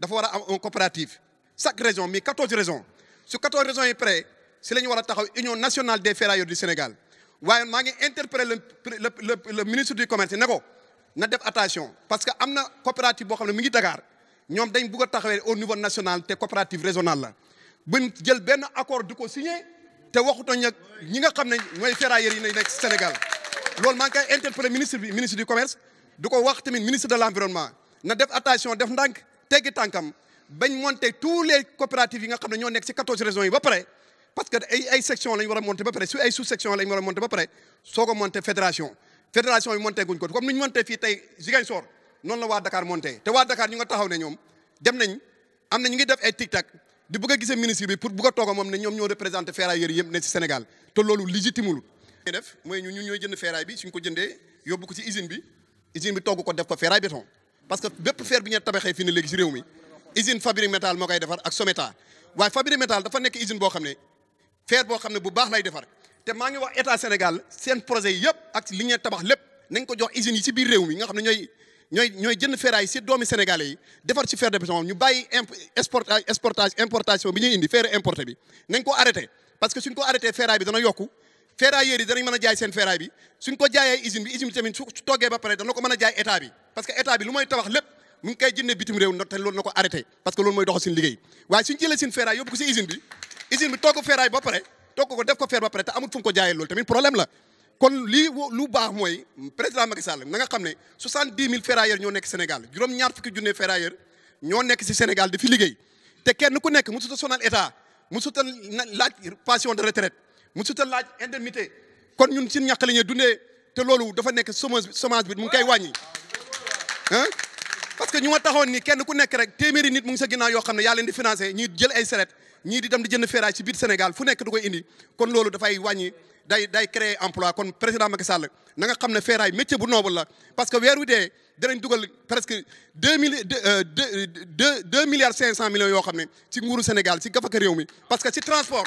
Il war a un coopérative chaque région mais 14 raisons. Sur 14 raisons yi près si nationale des ferrailleurs du Sénégal waaye maa interpellé le le le ministre du commerce ne na attention parce que a coopérative boo xam ne mi ngi Dakar ñoom dañ au niveau national des coopérative régionale la buñ jël benn accord di ko signé te waxutoon ak ñi nga ferrailleurs Sénégal loolu maa interpellé ministre ministre du commerce du ko wax au ministre de l'Environnement environnement na def attention def tégué tankam bañ monter tous les coopératives yi nga xamné ñoo nekk ci 14 régions yi ba paré parce que ay ay section lañ wara monter ba paré su ay sous section lañ wara monter ba paré soko monter fédération fédération yi monter guñ ko comme ni monter fi tay tey sor non la wa Dakar monter té wa Dakar ñu nga taxaw né ñom dem nañ amna ñu ngi def ay tic di bëgg a gisee ministre bi pour bëgg a toog moom ne ñoom ñoo représenté ferrailleurs yëpp né ci Sénégal te loolu légitimul def moy ñun ñun jënd ferraille bi suñ ko jëndé yobbu ko ci usine bi usine bi togg ko def ko ferraille béton parce que bépp feer bi ñee tabaxee fi ne léegi si réew mi usine Fabrique métal moo koy defar ak Someta waaye Fabrique métal dafa nekk usine boo xam ne fer boo xam ne bu baax lay defar te maa ngi wax état Sénégal seen projet yëpp ak li ñee tabax lépp nañ ko jox usines yi si biir réew mi nga xam ne ñooy ñooy ñooy jënd ferraille si doomi sénégalais defar si fer de ñu bàyyi imp exportage exportage importation bi ñu indi fer importé bi nañ ko arrêté parce que suñ ko arrêté ferraille bi dana yokku ferrailleurs yi danañ mën a jaay seen ferraille bi suñ ko jaayee usine bi usine bi tamit toggee ba pare dana ko mën a jaay état bi parce que état bi lu mooy tabax lépp mu ngi koy bitim réew te loolu parce que loolu mooy doxal seen liggéey waaye suñ jëlee seen ferraille yóbbu ko si usine bi usine bi togg ferraille ba pare togg ko def ko fer ba pare te amul fu ko jaayee loolu tamit problème la kon lu baax mooy président Macky Sall nga xam ne soixante-dix mille ferrailleurs nekk Sénégal juróom ñaar fukki junne ferrailleurs fi liggéey te kenn ku nekk musuta sonal état musuta mu musuta laaj indemnité kon ñun suñu ñàkk la ñuy dundee te loolu dafa nekk chômage chômage bi mu ngi koy wàññi ah parce que ñu ma taxoon ni kenn ku nekk rek téeméeri nit mu ngi sa ginnaaw yoo xam ne yaa leen di financé ñii jël ay saret ñii di dem di jënd ferraille ci biir Sénégal fu nekk du koy indi kon loolu dafay wàññi day day créer emploi kon président Macky Sall nga xam ne ferraille métier bu noble la parce que weer wi dee danañ dugal presque deux mille euh, deux deux milliards cinq cent millions yoo xam ne ci nguuru Sénégal ci gafaka réew mi parce que ci transport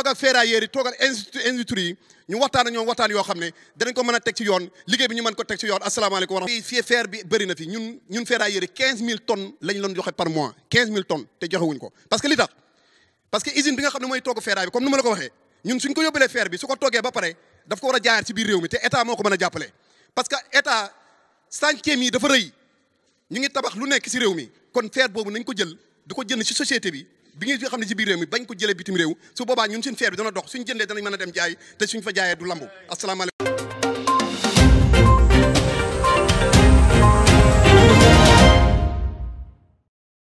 toog feera ferrailleurs yi toog ak ñu waxtaan ak ñoom waxtaan yoo xam ne danañ ko mën a teg ci yoon liggéey bi ñu mën ko teg ci yoon asalaamaaleykum wa fii fer bi bëri na fi ñun ñun ferrailleurs quinze mille tonnes lañ loon joxe par mois quinze mille tonnes te joxewuñ ko parce que li tax parce que usine bi nga xam ne mooy togg ferraille bi comme ni ma la ko waxee ñun suñ ko yóbbalee fer bi su ko toggee ba pare daf ko war a jaayaat ci biir réew mi te état moo ko mën a jàppale parce que dafa rëy ñu ngi tabax lu nekk ci réew mi kon fer boobu nañ ko jël di ko jënd ci société bi bi ngeen xam ne ci biir réew mi bañ ko jëlee bitim réew su boobaa ñun suñ feer bi dana dox suñ jëndee danañ mën a dem jaay te suñ fa jaayee du lambu asalaamaaleykum